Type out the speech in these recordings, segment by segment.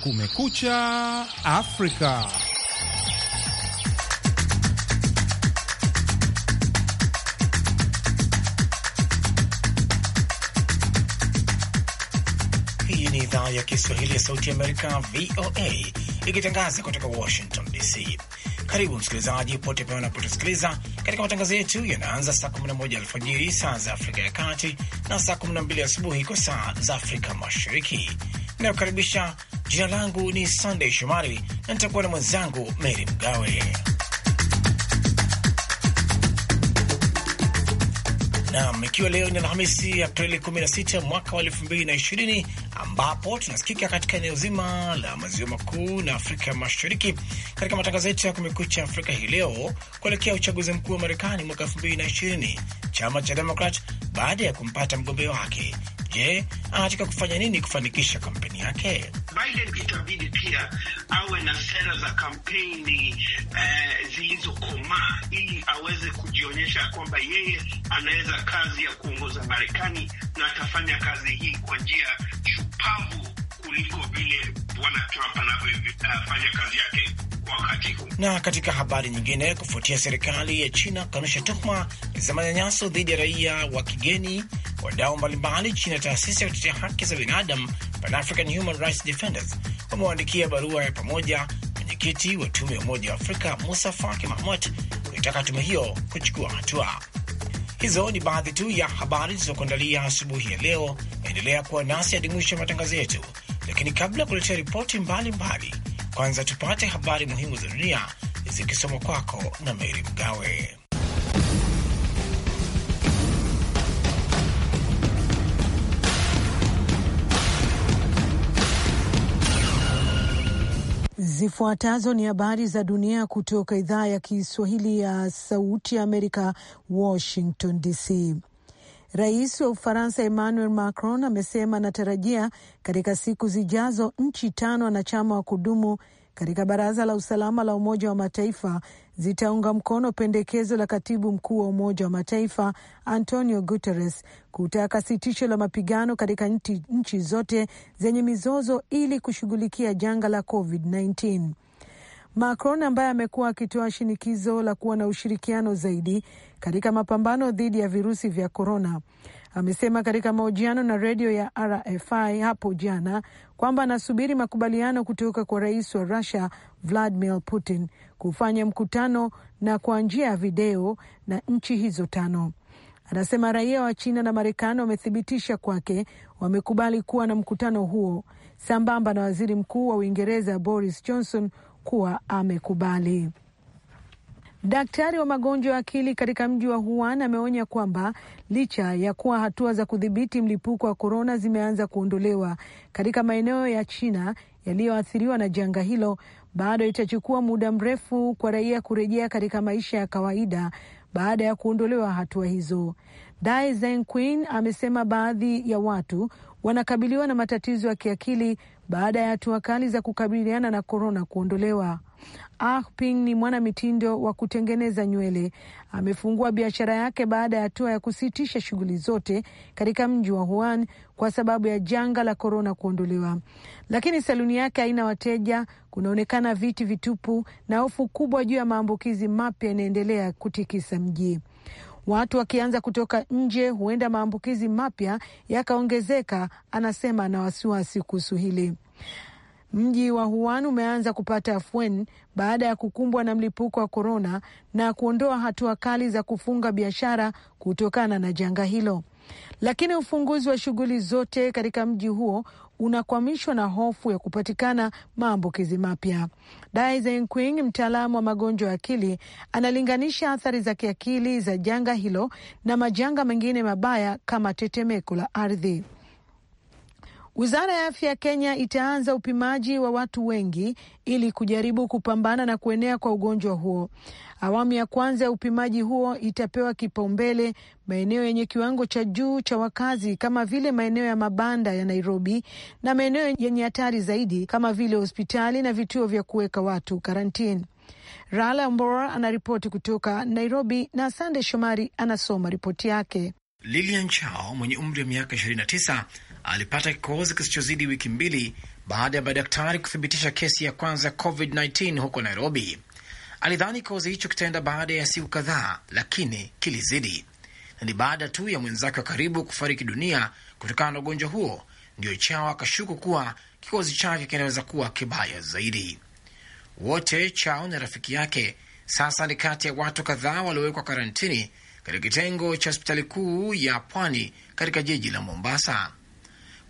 Kumekucha Afrika. Hii ni idhaa ya Kiswahili ya Sauti Amerika, VOA, ikitangaza kutoka Washington DC. Karibu msikilizaji pote pale unapotusikiliza katika matangazo yetu yanaanza saa 11 alfajiri saa za Afrika ya Kati na saa 12 asubuhi kwa saa za Afrika Mashariki. Inayokaribisha Jina langu ni sandey Shomari na nitakuwa na mwenzangu Mary Mgawe. Nam, ikiwa leo ni Alhamisi Aprili 16 mwaka wa 2020 ambapo tunasikika katika eneo zima la maziwa makuu na Afrika Mashariki katika matangazo yetu ya Kumekucha Afrika hii leo, kuelekea uchaguzi mkuu wa Marekani mwaka 2020, chama cha Demokrat baada ya kumpata mgombea wake, je, anataka kufanya nini kufanikisha kampeni yake? Biden itabidi pia awe na sera za kampeni eh, zilizokomaa ili aweze kujionyesha kwamba yeye anaweza kazi ya kuongoza Marekani na atafanya kazi hii kwa njia shupavu kuliko vile bwana Trump anavyofanya kazi yake. Na katika habari nyingine, kufuatia serikali ya China kukanusha tuhuma za manyanyaso dhidi ya raia wa kigeni, wadau mbalimbali chini ya taasisi ya kutetea haki za binadamu Pan African Human Rights Defenders wamewaandikia barua ya pamoja mwenyekiti wa tume ya Umoja wa Afrika Musa Faki Mahamat kuitaka tume hiyo kuchukua hatua. Hizo ni baadhi tu ya habari zilizokuandalia asubuhi ya leo. Endelea kuwa nasi hadi mwisho ya matangazo yetu, lakini kabla ya kuletea ripoti mbalimbali kwanza tupate habari muhimu za dunia zikisomwa kwako na Meri Mgawe. Zifuatazo ni habari za dunia kutoka idhaa ya Kiswahili ya Sauti ya Amerika, Washington DC. Rais wa Ufaransa Emmanuel Macron amesema anatarajia katika siku zijazo nchi tano wanachama wa kudumu katika Baraza la Usalama la Umoja wa Mataifa zitaunga mkono pendekezo la katibu mkuu wa Umoja wa Mataifa Antonio Guterres kutaka sitisho la mapigano katika nchi, nchi zote zenye mizozo ili kushughulikia janga la COVID-19. Macron ambaye amekuwa akitoa shinikizo la kuwa na ushirikiano zaidi katika mapambano dhidi ya virusi vya korona. Amesema katika mahojiano na redio ya RFI hapo jana kwamba anasubiri makubaliano kutoka kwa rais wa Rusia Vladimir Putin kufanya mkutano na kwa njia ya video na nchi hizo tano. Anasema raia wa China na Marekani wamethibitisha kwake wamekubali kuwa na mkutano huo, sambamba na waziri mkuu wa Uingereza Boris Johnson kuwa amekubali. Daktari wa magonjwa ya akili katika mji wa Wuhan ameonya kwamba licha ya kuwa hatua za kudhibiti mlipuko wa korona zimeanza kuondolewa katika maeneo ya China yaliyoathiriwa na janga hilo, bado itachukua muda mrefu kwa raia kurejea katika maisha ya kawaida baada ya kuondolewa hatua hizo. Dai Zengquan amesema baadhi ya watu wanakabiliwa na matatizo ya kiakili baada ya hatua kali za kukabiliana na korona kuondolewa. Ah Ping ni mwanamitindo wa kutengeneza nywele. Amefungua biashara yake baada ya hatua ya kusitisha shughuli zote katika mji wa Wuhan kwa sababu ya janga la korona kuondolewa, lakini saluni yake haina wateja, kunaonekana viti vitupu na hofu kubwa juu ya maambukizi mapya yanaendelea kutikisa mji. Watu wakianza kutoka nje, huenda maambukizi mapya yakaongezeka, anasema na wasiwasi kuhusu hili. Mji wa Wuhan umeanza kupata afueni baada ya kukumbwa na mlipuko wa korona na kuondoa hatua kali za kufunga biashara kutokana na janga hilo lakini ufunguzi wa shughuli zote katika mji huo unakwamishwa na hofu ya kupatikana maambukizi mapya. Dai Zenquing, mtaalamu wa magonjwa ya akili, analinganisha athari za kiakili za janga hilo na majanga mengine mabaya kama tetemeko la ardhi. Wizara ya afya ya Kenya itaanza upimaji wa watu wengi ili kujaribu kupambana na kuenea kwa ugonjwa huo. Awamu ya kwanza ya upimaji huo itapewa kipaumbele maeneo yenye kiwango cha juu cha wakazi kama vile maeneo ya mabanda ya Nairobi na maeneo yenye hatari zaidi kama vile hospitali na vituo vya kuweka watu karantini. Raila Mbora anaripoti kutoka Nairobi na Sande Shomari anasoma ripoti yake. Lilian Chao mwenye umri wa miaka alipata kikohozi kisichozidi wiki mbili baada ya madaktari kuthibitisha kesi ya kwanza ya COVID-19 huko Nairobi. Alidhani kikohozi hicho kitaenda baada ya siku kadhaa, lakini kilizidi, na ni baada tu ya mwenzake wa karibu kufariki dunia kutokana na ugonjwa huo ndio Chawa akashuku kuwa kikohozi chake kinaweza kuwa kibaya zaidi. Wote Chao na rafiki yake sasa ni kati ya watu kadhaa waliowekwa karantini katika kitengo cha hospitali kuu ya pwani katika jiji la Mombasa.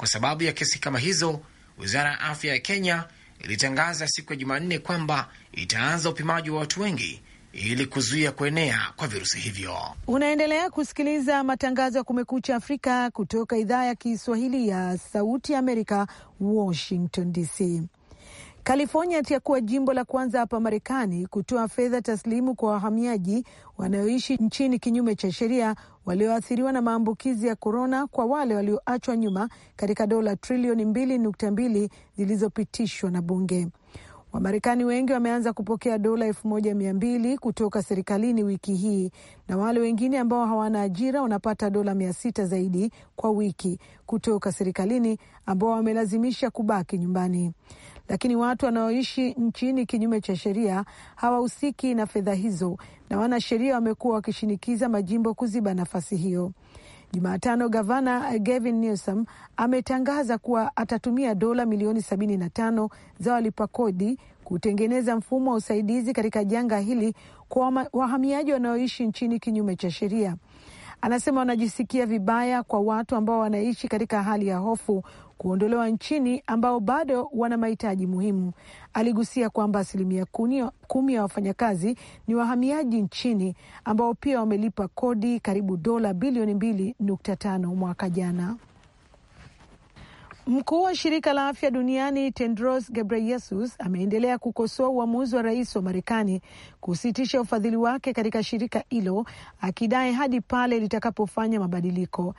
Kwa sababu ya kesi kama hizo, wizara ya afya ya Kenya ilitangaza siku ya Jumanne kwamba itaanza upimaji wa watu wengi ili kuzuia kuenea kwa virusi hivyo. Unaendelea kusikiliza matangazo ya Kumekucha Afrika kutoka idhaa ya Kiswahili ya Sauti ya Amerika, Washington DC. California itakuwa jimbo la kwanza hapa Marekani kutoa fedha taslimu kwa wahamiaji wanaoishi nchini kinyume cha sheria walioathiriwa na maambukizi ya korona kwa wale walioachwa nyuma katika dola trilioni mbili nukta mbili zilizopitishwa na bunge. Wamarekani wengi wameanza kupokea dola elfu moja mia mbili kutoka serikalini wiki hii na wale wengine ambao hawana ajira wanapata dola mia sita zaidi kwa wiki kutoka serikalini ambao wamelazimisha kubaki nyumbani lakini watu wanaoishi nchini kinyume cha sheria hawahusiki na fedha hizo, na wanasheria wamekuwa wakishinikiza majimbo kuziba nafasi hiyo. Jumatano, gavana Gavin Newsom ametangaza kuwa atatumia dola milioni 75 za walipa kodi kutengeneza mfumo wa usaidizi katika janga hili kwa wahamiaji wanaoishi nchini kinyume cha sheria. Anasema wanajisikia vibaya kwa watu ambao wanaishi katika hali ya hofu kuondolewa nchini ambao bado wana mahitaji muhimu. Aligusia kwamba asilimia kumi ya wafanyakazi ni wahamiaji nchini ambao pia wamelipa kodi karibu dola bilioni mbili nukta tano mwaka jana. Mkuu wa shirika la afya duniani Tedros Gebreyesus ameendelea kukosoa uamuzi wa rais wa Marekani kusitisha ufadhili wake katika shirika hilo, akidai hadi pale litakapofanya mabadiliko.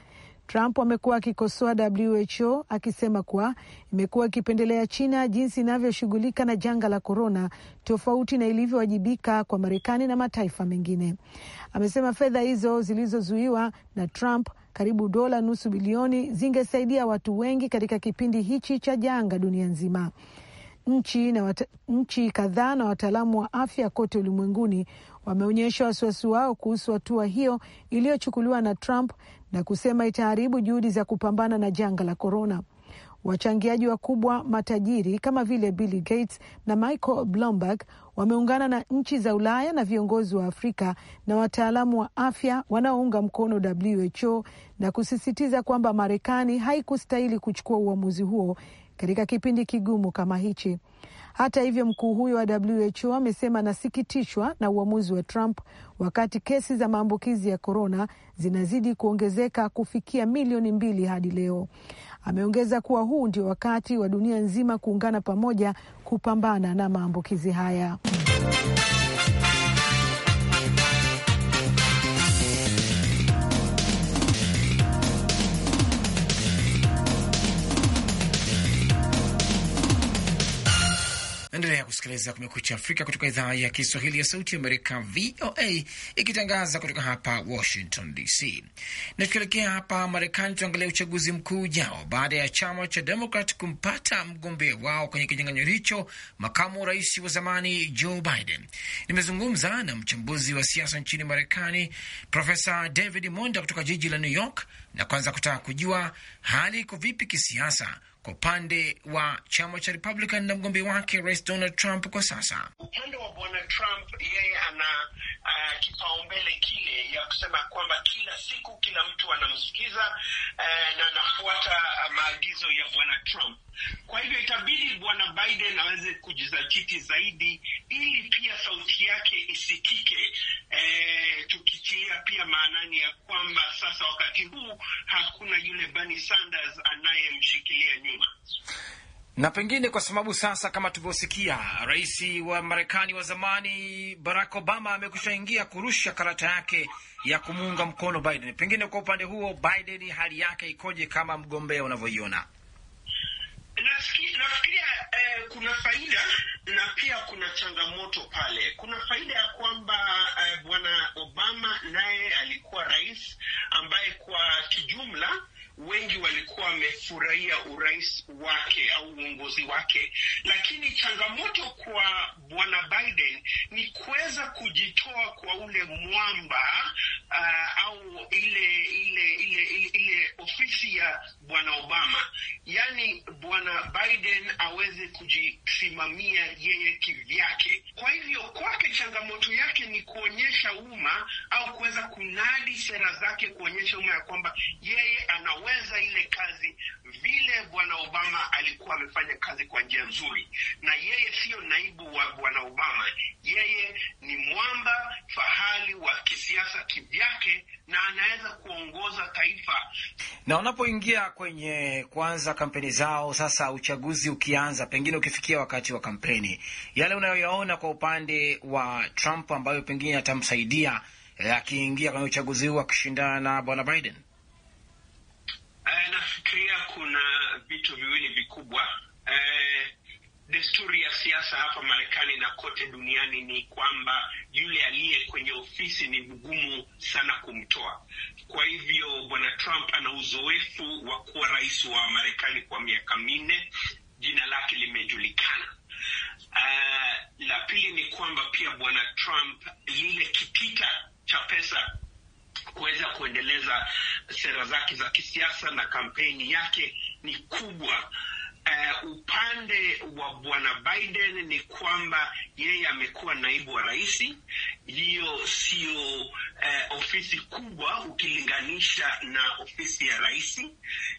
Trump amekuwa akikosoa WHO akisema kuwa imekuwa ikipendelea China jinsi inavyoshughulika na janga la korona, tofauti na ilivyowajibika kwa Marekani na mataifa mengine. Amesema fedha hizo zilizozuiwa na Trump karibu dola nusu bilioni zingesaidia watu wengi katika kipindi hichi cha janga dunia nzima. Nchi, nchi kadhaa na wataalamu wa afya kote ulimwenguni wameonyesha wasiwasi wao kuhusu hatua hiyo iliyochukuliwa na Trump na kusema itaharibu juhudi za kupambana na janga la korona. Wachangiaji wakubwa matajiri kama vile Bill Gates na Michael Bloomberg wameungana na nchi za Ulaya na viongozi wa Afrika na wataalamu wa afya wanaounga mkono WHO na kusisitiza kwamba Marekani haikustahili kuchukua uamuzi huo katika kipindi kigumu kama hichi. Hata hivyo, mkuu huyo wa WHO amesema anasikitishwa na uamuzi wa Trump wakati kesi za maambukizi ya korona zinazidi kuongezeka kufikia milioni mbili hadi leo. Ameongeza kuwa huu ndio wakati wa dunia nzima kuungana pamoja kupambana na maambukizi haya. kusikiliza Kumekucha Afrika kutoka idhaa ya Kiswahili ya Sauti Amerika, VOA, ikitangaza kutoka hapa Washington DC. Na tukielekea hapa Marekani, tuangalia uchaguzi mkuu ujao baada ya chama cha Demokrat kumpata mgombea wao kwenye kinyang'anyiro hicho, makamu rais wa zamani Joe Biden. Nimezungumza na mchambuzi wa siasa nchini Marekani, Profesa David Monda kutoka jiji la New York, na kwanza kutaka kujua hali iko vipi kisiasa kwa upande wa chama cha Republican na mgombea wake Rais Donald Trump kwa sasa. Upande wa Bwana Trump, yeye ana uh, kipaumbele kile ya kusema kwamba kila siku kila mtu anamsikiza uh, na anafuata uh, maagizo ya Bwana Trump. Kwa hivyo itabidi Bwana Biden aweze kujizatiti zaidi ili pia sauti yake isikike, eh, tukitia pia maanani ya kwamba sasa wakati huu hakuna yule Bernie Sanders anayemshikilia nzima na pengine kwa sababu sasa, kama tulivyosikia, rais wa Marekani wa zamani Barack Obama amekusha ingia kurusha karata yake ya kumuunga mkono Biden, pengine kwa upande huo Biden hali yake ikoje kama mgombea unavyoiona? Nafikiria eh, kuna faida na pia kuna changamoto pale. Kuna faida ya kwamba eh, bwana Obama naye alikuwa rais ambaye kwa kijumla wengi walikuwa wamefurahia urais wake au uongozi wake, lakini changamoto kwa bwana Biden ni kuweza kujitoa kwa ule mwamba uh, au ile ile ile ile ofisi ya bwana Obama, yaani bwana Biden aweze kujisimamia yeye kivyake. Kwa hivyo kwake changamoto yake ni kuonyesha kuonyesha umma au kuweza kunadi sera zake, kuonyesha umma ya kwamba yeye anaweza ile kazi vile Bwana Obama alikuwa amefanya kazi kwa njia nzuri, na yeye siyo naibu wa Bwana Obama. Yeye ni mwamba fahali wa kisiasa kivyake, na anaweza kuongoza taifa. Na unapoingia kwenye kuanza kampeni zao, sasa uchaguzi ukianza, pengine ukifikia wakati wa kampeni, yale unayoyaona kwa upande wa Trump ambayo pengine atams kumsaidia eh, akiingia kwenye uchaguzi huu akishindana na bwana Biden? Eh, nafikiria kuna vitu viwili vikubwa. Eh, desturi ya siasa hapa Marekani na kote duniani ni kwamba yule aliye kwenye ofisi ni mgumu sana kumtoa. Kwa hivyo bwana Trump ana uzoefu wa kuwa rais wa Marekani kwa miaka minne, jina lake limejulikana ya bwana Trump, lile kitita cha pesa kuweza kuendeleza sera zake za kisiasa na kampeni yake ni kubwa Uh, upande wa bwana Biden ni kwamba yeye amekuwa naibu wa rais. Hiyo siyo uh, eh, ofisi kubwa ukilinganisha na ofisi ya rais.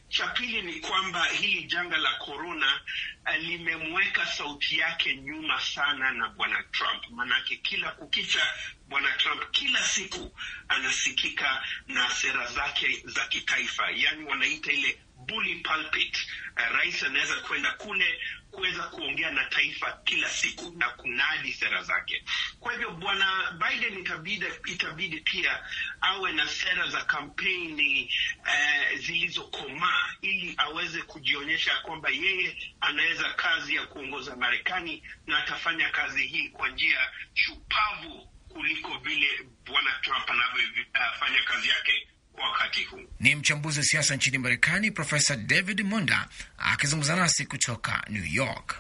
Cha pili ni kwamba hili janga la korona uh, eh, limemweka sauti yake nyuma sana na bwana Trump, maanake kila kukicha bwana Trump kila siku anasikika na sera zake za kitaifa, yaani wanaita ile bully pulpit. Eh, rais anaweza kwenda kule kuweza kuongea na taifa kila siku na kunadi sera zake. Kwa hivyo bwana Biden itabidi, itabidi pia awe na sera za kampeni eh, zilizokomaa ili aweze kujionyesha kwamba yeye anaweza kazi ya kuongoza Marekani na atafanya kazi hii kwa njia shupavu kuliko vile bwana Trump anavyofanya eh, kazi yake wakati huu. Ni mchambuzi wa siasa nchini Marekani, Profesa David Monda akizungumza nasi kutoka New York.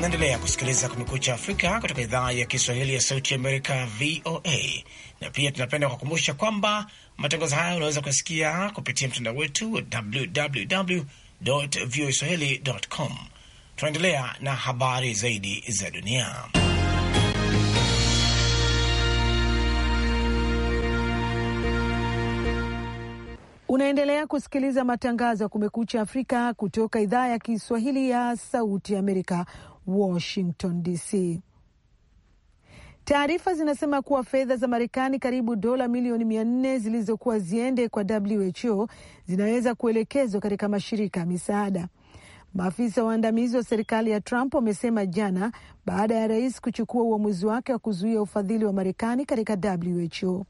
Naendelea kusikiliza Kumekucha Afrika kutoka idhaa ya Kiswahili ya Sauti Amerika, VOA. Na pia tunapenda kukumbusha kwamba matangazo haya unaweza kuyasikia kupitia mtandao wetu www voaswahili.com. Tunaendelea na habari zaidi za dunia. Unaendelea kusikiliza matangazo ya Kumekucha Afrika kutoka idhaa ya Kiswahili ya Sauti Amerika, Washington DC. Taarifa zinasema kuwa fedha za Marekani karibu dola milioni mia nne zilizokuwa ziende kwa WHO zinaweza kuelekezwa katika mashirika ya misaada. Maafisa waandamizi wa serikali ya Trump wamesema jana baada ya rais kuchukua uamuzi wake wa kuzuia ufadhili wa Marekani katika WHO.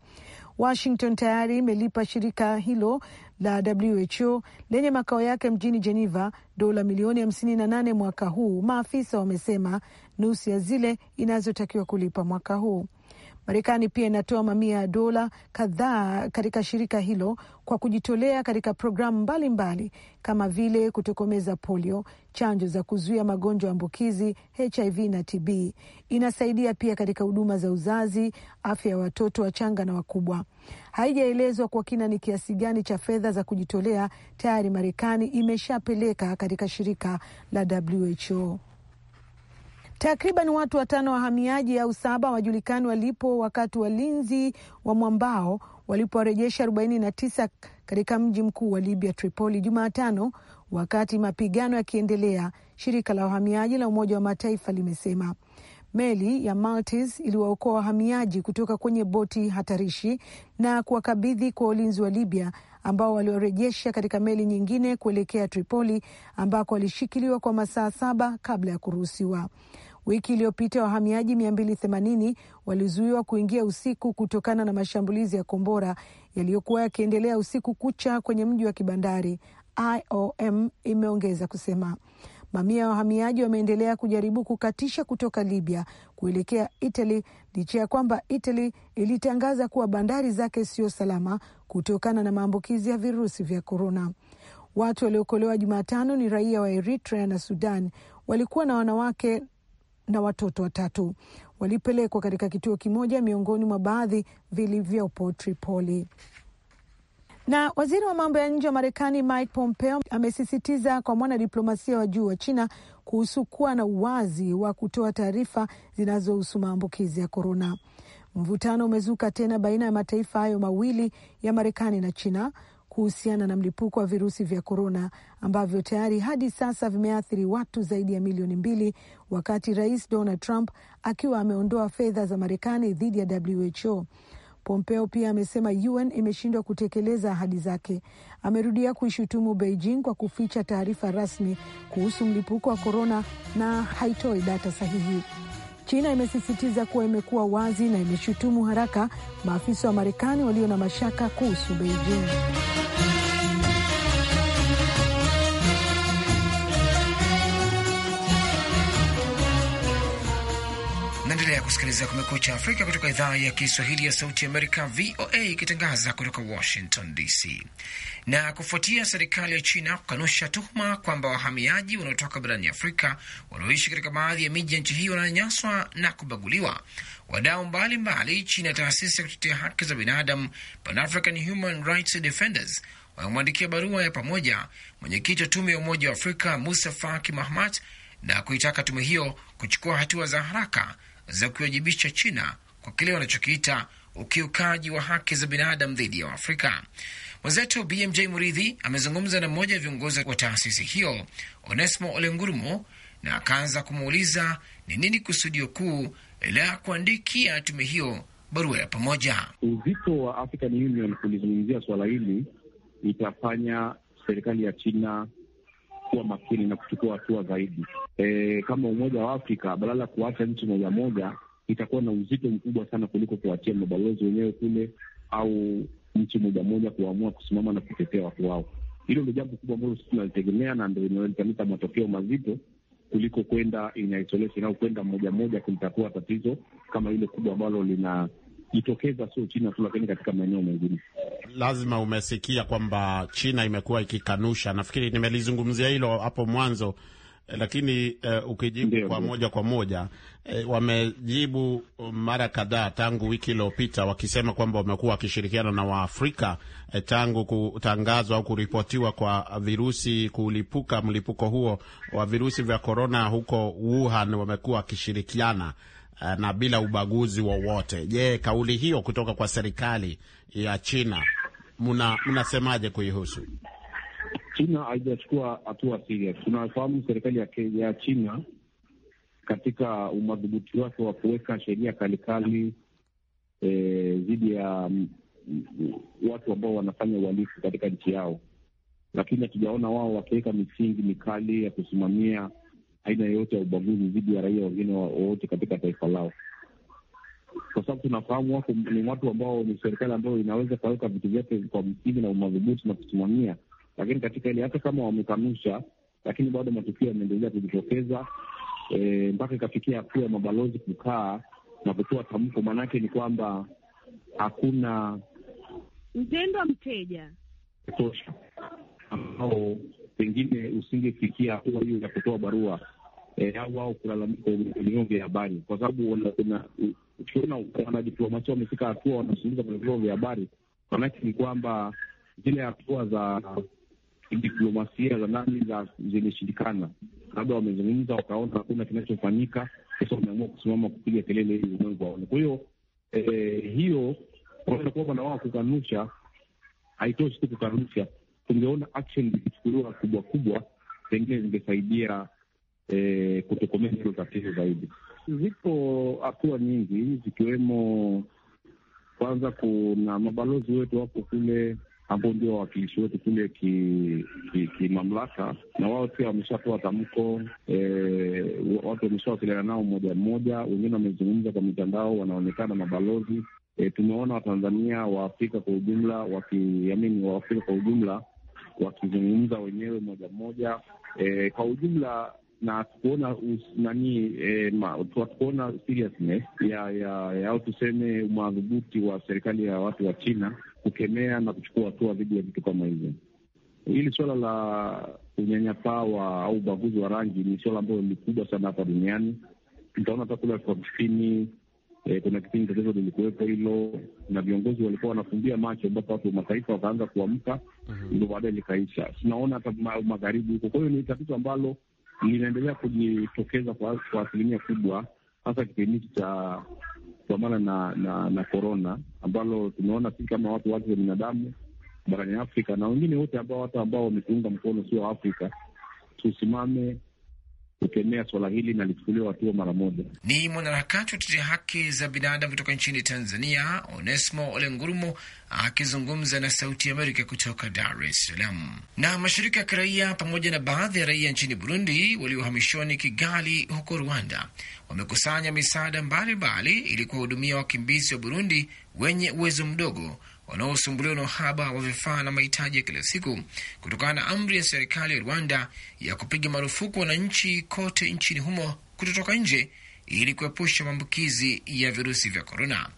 Washington tayari imelipa shirika hilo la WHO lenye makao yake mjini Geneva dola milioni 58 mwaka huu, maafisa wamesema, nusu ya zile inazotakiwa kulipa mwaka huu. Marekani pia inatoa mamia ya dola kadhaa katika shirika hilo kwa kujitolea katika programu mbalimbali kama vile kutokomeza polio, chanjo za kuzuia magonjwa ya ambukizi HIV na TB. Inasaidia pia katika huduma za uzazi, afya ya watoto wachanga na wakubwa. Haijaelezwa kwa kina ni kiasi gani cha fedha za kujitolea tayari Marekani imeshapeleka katika shirika la WHO. Takriban watu watano wahamiaji au saba wajulikani walipo wakati walinzi wa mwambao walipowarejesha 49 katika mji mkuu wa Libya, Tripoli, Jumatano, wakati mapigano yakiendelea, shirika la wahamiaji la Umoja wa Mataifa limesema. Meli ya Maltese iliwaokoa wahamiaji kutoka kwenye boti hatarishi na kuwakabidhi kwa ulinzi wa Libya ambao waliorejesha katika meli nyingine kuelekea Tripoli ambako walishikiliwa kwa masaa saba kabla ya kuruhusiwa. Wiki iliyopita wahamiaji 280 walizuiwa kuingia usiku kutokana na mashambulizi ya kombora yaliyokuwa yakiendelea usiku kucha kwenye mji wa kibandari. IOM imeongeza kusema mamia ya wahamiaji wameendelea kujaribu kukatisha kutoka Libya kuelekea Italy licha ya kwamba Italy ilitangaza kuwa bandari zake sio salama kutokana na maambukizi ya virusi vya korona. Watu waliokolewa Jumatano ni raia wa Eritrea na Sudan, walikuwa na wanawake na watoto watatu walipelekwa katika kituo kimoja miongoni mwa baadhi vilivyopo Tripoli. Na waziri wa mambo ya nje wa Marekani Mike Pompeo amesisitiza kwa mwanadiplomasia wa juu wa China kuhusu kuwa na uwazi wa kutoa taarifa zinazohusu maambukizi ya korona. Mvutano umezuka tena baina ya mataifa hayo mawili ya Marekani na China kuhusiana na mlipuko wa virusi vya korona ambavyo tayari hadi sasa vimeathiri watu zaidi ya milioni mbili, wakati Rais Donald Trump akiwa ameondoa fedha za Marekani dhidi ya WHO. Pompeo pia amesema UN imeshindwa kutekeleza ahadi zake. Amerudia kuishutumu Beijing kwa kuficha taarifa rasmi kuhusu mlipuko wa korona na haitoi data sahihi. China imesisitiza kuwa imekuwa wazi na imeshutumu haraka maafisa wa Marekani walio na mashaka kuhusu Beijing. kusikiliza Kumekucha Afrika kutoka idhaa ya Kiswahili ya Sauti Amerika, VOA, ikitangaza kutoka Washington DC. Na kufuatia serikali ya China kukanusha tuhuma kwamba wahamiaji wanaotoka barani Afrika wanaoishi katika baadhi ya miji ya nchi hiyo wananyanyaswa na kubaguliwa, wadau mbalimbali chini ya taasisi ya kutetea haki za binadamu Pan African Human Rights Defenders wamemwandikia barua ya pamoja mwenyekiti wa tume ya Umoja wa Afrika Musa Faki Mahamat na kuitaka tume hiyo kuchukua hatua za haraka za kuiwajibisha China kwa kile wanachokiita ukiukaji wa haki za binadamu dhidi ya Waafrika. Mwenzetu BMJ Muridhi amezungumza na mmoja wa viongozi wa taasisi hiyo Onesmo Olengurumo na akaanza kumuuliza ni nini kusudio kuu la kuandikia tume hiyo barua ya pamoja. Uzito wa African Union kulizungumzia swala hili itafanya serikali ya China kuwa makini na kuchukua hatua zaidi. E, kama Umoja wa Afrika badala ya kuacha nchi moja moja itakuwa na uzito mkubwa sana kuliko kuwatia mabalozi wenyewe kule au nchi moja moja kuamua kusimama na kutetea watu wao. Hilo ndio jambo kubwa ambalo sisi tunalitegemea na ndo inaleta matokeo mazito kuliko kwenda in isolation au kwenda moja moja kulitatua tatizo kama hilo kubwa ambalo lina kujitokeza sio China tu, lakini katika maeneo mengine. Lazima umesikia kwamba China imekuwa ikikanusha, nafikiri nimelizungumzia hilo hapo mwanzo, eh, lakini uh, ukijibu Ndeo, kwa moja kwa moja eh, wamejibu um, mara kadhaa tangu wiki iliyopita wakisema kwamba wamekuwa wakishirikiana na Waafrika eh, tangu kutangazwa au kuripotiwa kwa virusi kulipuka mlipuko huo wa virusi vya korona huko Wuhan, wamekuwa wakishirikiana Eh, na bila ubaguzi wowote. Je, kauli hiyo kutoka kwa serikali ya China mnasemaje kuihusu? China haijachukua hatua serious. Tunafahamu serikali ya, ya China katika umadhubuti wake wa kuweka sheria kalikali eh, dhidi e, ya mm, mm, watu ambao wanafanya uhalifu katika nchi yao, lakini hatujaona wao wakiweka misingi mikali ya kusimamia aina yoyote ya ubaguzi dhidi ya raia wengine wowote katika taifa lao, kwa sababu tunafahamu wako ni watu ambao ni serikali ambayo inaweza kaweka vitu vyake kwa msingi na umadhubuti na kusimamia, lakini katika ile hata kama wamekanusha, lakini bado matukio yameendelea kujitokeza e, mpaka ikafikia hatua ya mabalozi kukaa na kutoa tamko. Maanake ni kwamba hakuna mtendo mteja ambao pengine usingefikia hatua hiyo ya kutoa barua e, au kulalamika kwenye vyombo vya habari, kwa sababu ukiona wanadiplomasia wamefika hatua wanazungumza kwenye vyombo vya habari, maanake ni kwamba zile hatua za diplomasia za nani za zimeshindikana, labda wamezungumza wakaona hakuna kinachofanyika, sasa wameamua kusimama kupiga kelele ili ulimwengu waone. Kwa hiyo eh, hiyo kwamba na wao kukanusha haitoshi tu kukanusha, tungeona action zikichukuliwa kubwa kubwa, pengine zingesaidia e, kutokomeza hilo tatizo zaidi. Zipo hatua nyingi zikiwemo, kwanza kuna mabalozi wetu wako kule ambao ndio wawakilishi wetu kule kimamlaka ki, ki na wao pia wameshatoa tamko e, watu wameshawasiliana nao moja mmoja, wengine wamezungumza kwa mitandao, wanaonekana mabalozi e, tumeona Watanzania Waafrika kwa ujumla wakiamini Waafrika kwa ujumla wakizungumza wenyewe moja moja e, kwa ujumla na tukuona nani e, hatukuona seriousness ya, ya, au tuseme madhubuti wa serikali ya watu wa China kukemea na kuchukua hatua dhidi ya vitu kama hivyo. Hili suala la unyanyapaa wa au ubaguzi wa rangi ni suala ambalo ni kubwa sana hapa duniani. Utaona hata kule Afrika Kusini E, kuna kipindi tatizo lilikuwepo hilo, na viongozi walikuwa wanafumbia macho mpaka watu mataifa wakaanza kuamka, mhm. ndo baadaye likaisha. Tunaona hata magharibi huko. Kwa hiyo ni tatizo ambalo linaendelea kujitokeza kwa asilimia kubwa, hasa kipindi cha kupambana na na na korona, ambalo tumeona si kama watu wake wa binadamu barani Afrika na wengine wote ambao hata ambao wametuunga mkono sio Afrika, tusimame kukemea swala hili na lichukuliwa hatua mara moja. Ni mwanaharakati wa tetea haki za binadamu kutoka nchini Tanzania, Onesmo Ngurumo, akizungumza na Sauti ya Amerika kutoka Dar es Salaam. Na mashirika ya kiraia pamoja na baadhi ya raia nchini Burundi waliohamishoni Kigali huko Rwanda wamekusanya misaada mbalimbali ili kuwahudumia wakimbizi wa Burundi wenye uwezo mdogo wanaosumbuliwa na uhaba wa vifaa na mahitaji ya kila siku kutokana na amri ya serikali ya Rwanda ya kupiga marufuku wananchi kote nchini humo kutotoka nje ili kuepusha maambukizi ya virusi vya korona.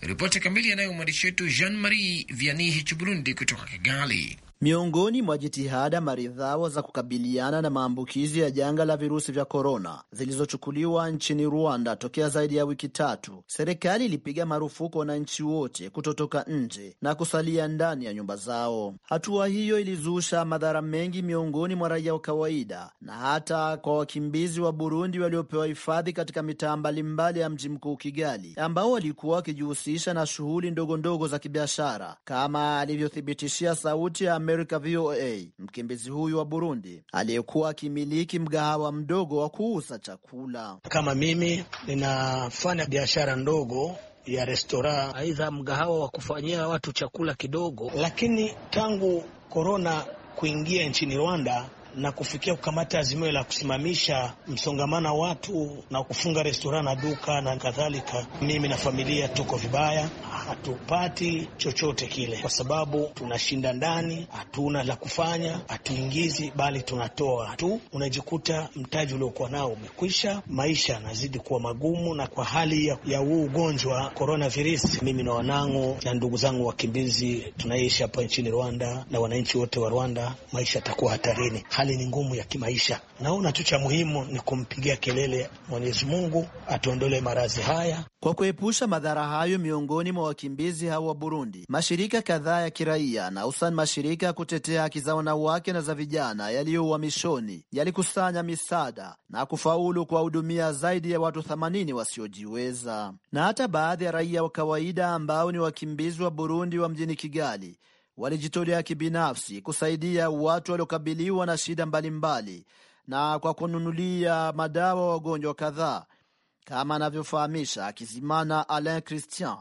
Ripoti kamili anayo mwandishi wetu Jean Marie Vianihi Burundi kutoka Kigali. Miongoni mwa jitihada maridhawa za kukabiliana na maambukizi ya janga la virusi vya korona zilizochukuliwa nchini Rwanda tokea zaidi ya wiki tatu, serikali ilipiga marufuku wananchi wote kutotoka nje na kusalia ndani ya nyumba zao. Hatua hiyo ilizusha madhara mengi miongoni mwa raia wa kawaida na hata kwa wakimbizi wa Burundi waliopewa hifadhi katika mitaa mbalimbali ya mji mkuu Kigali, ambao walikuwa wakijihusisha na shughuli ndogondogo za kibiashara kama alivyothibitishia Sauti ya Amerika VOA. Mkimbizi huyu wa Burundi aliyekuwa akimiliki mgahawa mdogo wa kuuza chakula. Kama mimi ninafanya biashara ndogo ya restora, aidha mgahawa wa kufanyia watu chakula kidogo, lakini tangu korona kuingia nchini Rwanda na kufikia kukamata azimio la kusimamisha msongamano wa watu na kufunga restora na duka na kadhalika, mimi na familia tuko vibaya, hatupati chochote kile, kwa sababu tunashinda ndani, hatuna la kufanya, hatuingizi bali tunatoa tu. Unajikuta mtaji uliokuwa nao umekwisha, maisha yanazidi kuwa magumu, na kwa hali ya, ya huu ugonjwa coronavirus, mimi na wanangu na ndugu zangu wakimbizi tunaishi hapa nchini Rwanda na wananchi wote wa Rwanda, maisha yatakuwa hatarini. Hali ni ngumu ya kimaisha. Naona tu cha muhimu ni kumpigia kelele Mwenyezi Mungu atuondolee maradhi haya kwa kuepusha madhara hayo miongoni mwa wakimbizi hao wa Burundi. Mashirika kadhaa ya kiraia na hususan mashirika ya kutetea haki za wanawake na za vijana yaliyo uhamishoni yalikusanya misaada na kufaulu kuwahudumia zaidi ya watu 80 wasiojiweza na hata baadhi ya raia wa kawaida ambao ni wakimbizi wa Burundi wa mjini Kigali walijitolea kibinafsi kusaidia watu waliokabiliwa na shida mbalimbali mbali, na kwa kununulia madawa wagonjwa kadhaa, kama anavyofahamisha Kizimana Alain Christian,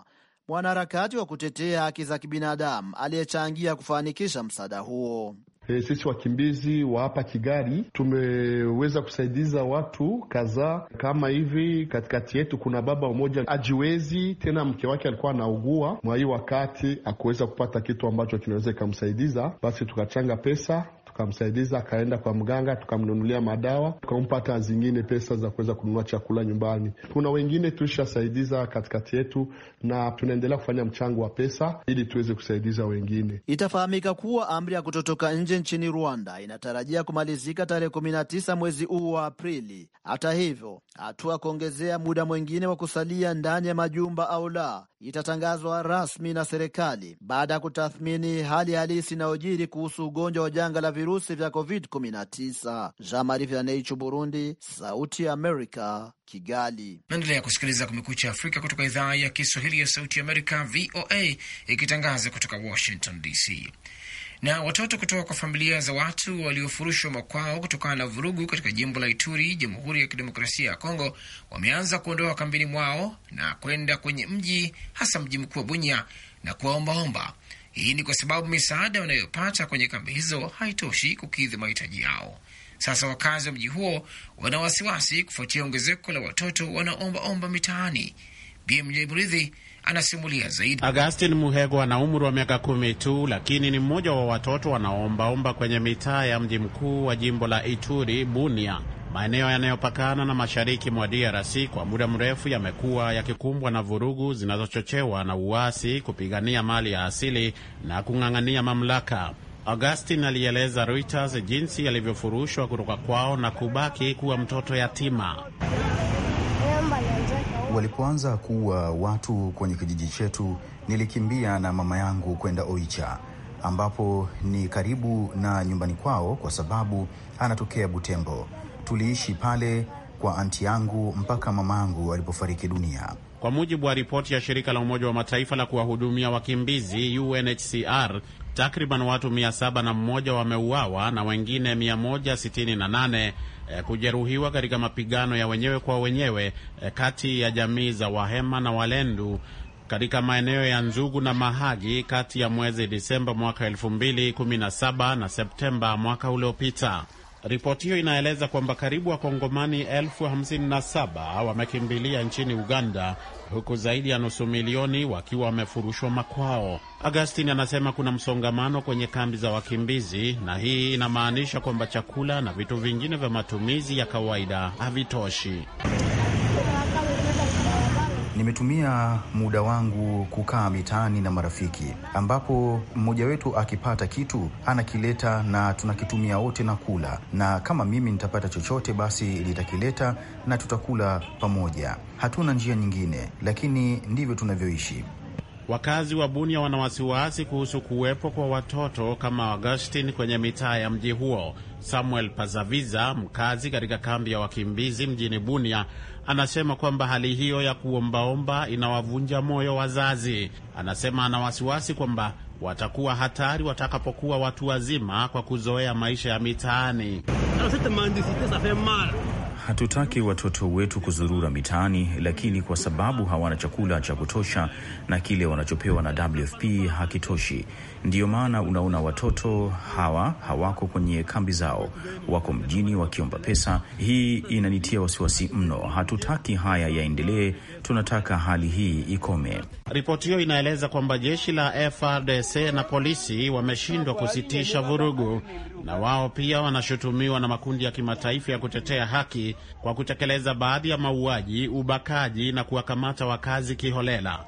mwanaharakati wa kutetea haki za kibinadamu aliyechangia kufanikisha msaada huo. E, sisi wakimbizi wa hapa Kigali tumeweza kusaidiza watu kadhaa kama hivi. Katikati yetu kuna baba mmoja ajiwezi tena, mke wake alikuwa anaugua mwa hii wakati, akuweza kupata kitu ambacho kinaweza ikamsaidiza, basi tukachanga pesa tukamsaidiza akaenda kwa mganga, tukamnunulia madawa, tukampata zingine pesa za kuweza kununua chakula nyumbani. Kuna wengine tulishasaidiza katikati yetu, na tunaendelea kufanya mchango wa pesa ili tuweze kusaidiza wengine. Itafahamika kuwa amri ya kutotoka nje nchini Rwanda inatarajia kumalizika tarehe kumi na tisa mwezi huu wa Aprili. Hata hivyo, hatua kuongezea muda mwingine wa kusalia ndani ya majumba au la itatangazwa rasmi na serikali baada ya kutathmini hali halisi inayojiri kuhusu ugonjwa wa janga la virusi vya COVID-19. Jean Marie Burundi, Sauti ya Amerika, Kigali. Naendelea kusikiliza Kumekucha Afrika kutoka idhaa ya Kiswahili ya Sauti ya Amerika, VOA, ikitangaza kutoka Washington DC. Na watoto kutoka kwa familia za watu waliofurushwa makwao kutokana na vurugu katika jimbo la Ituri, Jamhuri ya Kidemokrasia ya Kongo, wameanza kuondoka kambini mwao na kwenda kwenye mji, hasa mji mkuu wa Bunya na kuwaombaomba. Hii ni kwa sababu misaada wanayopata kwenye kambi hizo haitoshi kukidhi mahitaji yao. Sasa wakazi wa mji huo wana wasiwasi kufuatia ongezeko la watoto wanaombaomba mitaani. BMJ Mridhi anasimulia zaidi. Agustin Muhego ana umri wa miaka kumi tu, lakini ni mmoja wa watoto wanaoombaomba kwenye mitaa ya mji mkuu wa jimbo la Ituri, Bunia. Maeneo yanayopakana na mashariki mwa DRC kwa muda mrefu yamekuwa yakikumbwa na vurugu zinazochochewa na uasi kupigania mali ya asili na kung'ang'ania mamlaka. Augustin alieleza Reuters jinsi alivyofurushwa kutoka kwao na kubaki kuwa mtoto yatima. Walipoanza kuua watu kwenye kijiji chetu, nilikimbia na mama yangu kwenda Oicha ambapo ni karibu na nyumbani kwao, kwa sababu anatokea Butembo. Tuliishi pale kwa anti yangu mpaka mamangu alipofariki dunia. Kwa mujibu wa ripoti ya shirika la Umoja wa Mataifa la kuwahudumia wakimbizi UNHCR, takriban watu 701 wameuawa na wengine 168 eh, kujeruhiwa katika mapigano ya wenyewe kwa wenyewe eh, kati ya jamii za Wahema na Walendu katika maeneo ya Nzugu na Mahagi kati ya mwezi Disemba mwaka 2017 na Septemba mwaka uliopita. Ripoti hiyo inaeleza kwamba karibu wakongomani elfu hamsini na saba wamekimbilia nchini Uganda, huku zaidi ya nusu milioni wakiwa wamefurushwa makwao. Agustin anasema kuna msongamano kwenye kambi za wakimbizi, na hii inamaanisha kwamba chakula na vitu vingine vya matumizi ya kawaida havitoshi nimetumia muda wangu kukaa mitaani na marafiki, ambapo mmoja wetu akipata kitu anakileta na tunakitumia wote na kula, na kama mimi nitapata chochote basi litakileta na tutakula pamoja. Hatuna njia nyingine, lakini ndivyo tunavyoishi. Wakazi wa Bunia wana wasiwasi kuhusu kuwepo kwa watoto kama Augustin kwenye mitaa ya mji huo. Samuel Pazaviza, mkazi katika kambi ya wakimbizi mjini Bunia, anasema kwamba hali hiyo ya kuombaomba inawavunja moyo wazazi. Anasema ana wasiwasi kwamba watakuwa hatari watakapokuwa watu wazima kwa kuzoea maisha ya mitaani. Hatutaki watoto wetu kuzurura mitaani, lakini kwa sababu hawana chakula cha kutosha na kile wanachopewa na WFP hakitoshi, Ndiyo maana unaona watoto hawa hawako kwenye kambi zao, wako mjini wakiomba pesa. Hii inanitia wasiwasi mno. Hatutaki haya yaendelee, tunataka hali hii ikome. Ripoti hiyo inaeleza kwamba jeshi la FRDC na polisi wameshindwa kusitisha vurugu, na wao pia wanashutumiwa na makundi ya kimataifa ya kutetea haki kwa kutekeleza baadhi ya mauaji, ubakaji na kuwakamata wakazi kiholela.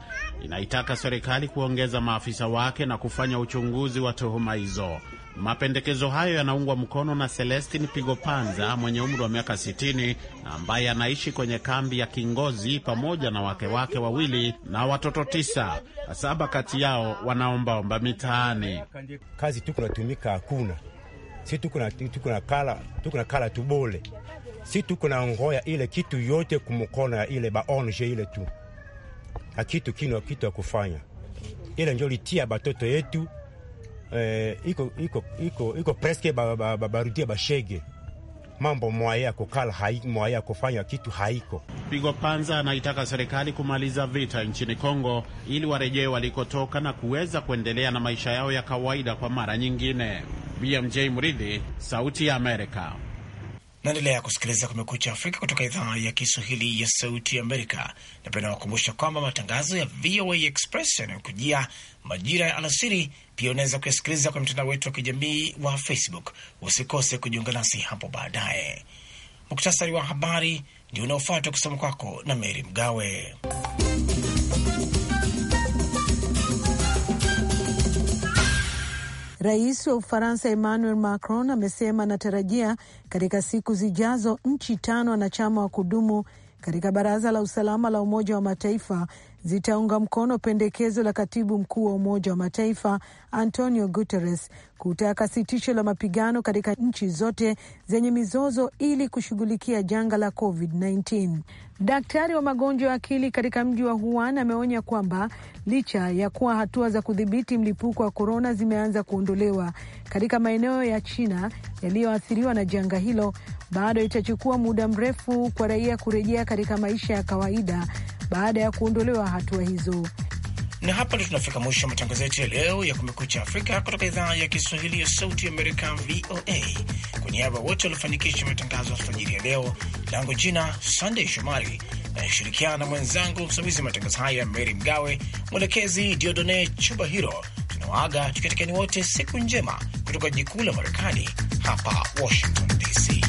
Inaitaka serikali kuongeza maafisa wake na kufanya uchunguzi wa tuhuma hizo. Mapendekezo hayo yanaungwa mkono na Celestin Pigopanza mwenye umri wa miaka 60 na ambaye anaishi kwenye kambi ya Kingozi pamoja na wake wake wawili na watoto tisa, saba kati yao wanaombaomba mitaani. Kazi tuko natumika hakuna, si tuko na kala, tuko na kala tubole, si tuko na ngoya ile kitu yote kumkona ya ile baonje ile tu, kitu kino kitu ya kufanya ile njo litia batoto yetu eh, iko, iko, iko, iko preske barudia ba, bashege mambo mwaya kukala hai, mwaya kufanya kitu haiko. Pigo Panza anaitaka serikali kumaliza vita nchini Kongo ili warejee walikotoka na kuweza kuendelea na maisha yao ya kawaida kwa mara nyingine. BMJ Mridhi, Sauti ya Amerika. Naendelea kusikiliza Kumekucha Afrika kutoka idhaa ya Kiswahili ya Sauti ya Amerika. Napenda kukumbusha kwamba matangazo ya VOA Express yanayokujia majira ya alasiri pia unaweza kuyasikiliza kwenye mtandao wetu wa kijamii wa Facebook. Usikose kujiunga nasi hapo baadaye. Muktasari wa habari ndio unaofuata kusoma kwako na Meri Mgawe. Rais wa Ufaransa Emmanuel Macron amesema anatarajia katika siku zijazo nchi tano wanachama wa kudumu katika Baraza la Usalama la Umoja wa Mataifa zitaunga mkono pendekezo la katibu mkuu wa Umoja wa Mataifa Antonio Guterres kutaka sitisho la mapigano katika nchi zote zenye mizozo ili kushughulikia janga la COVID-19. Daktari wa magonjwa ya akili katika mji wa Wuhan ameonya kwamba licha ya kuwa hatua za kudhibiti mlipuko wa korona zimeanza kuondolewa katika maeneo ya China yaliyoathiriwa na janga hilo, bado itachukua muda mrefu kwa raia kurejea katika maisha ya kawaida baada ya kuondolewa hatua hizo. Na hapa ndio tunafika mwisho wa matangazo yetu ya leo ya Kumekucha Afrika kutoka idhaa ya Kiswahili ya Sauti ya Amerika, VOA. Kwa niaba wote waliofanikisha matangazo ya alfajiri ya leo, langu jina Sandey Shomari nayeshirikiana na mwenzangu msimamizi wa matangazo haya mery Mgawe, mwelekezi Diodone Chuba Hiro. Tunawaaga tukiatikani wote siku njema kutoka jikuu la Marekani, hapa Washington DC.